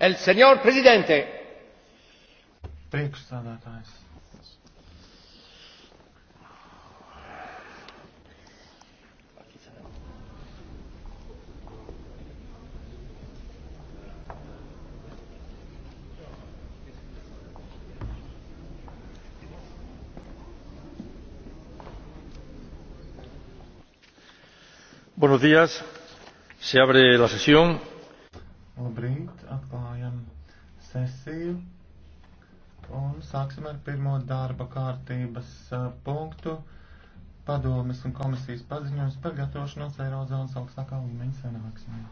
El senor prezidente. Priekšstādātājs. Buenos días. Se abre la sesión. Labrīt, atklājums sesiju un sāksim ar pirmo darba kārtības punktu padomes un komisijas paziņojums par gatavošanos Eirozonas augstākā līmeņa sanāksmē.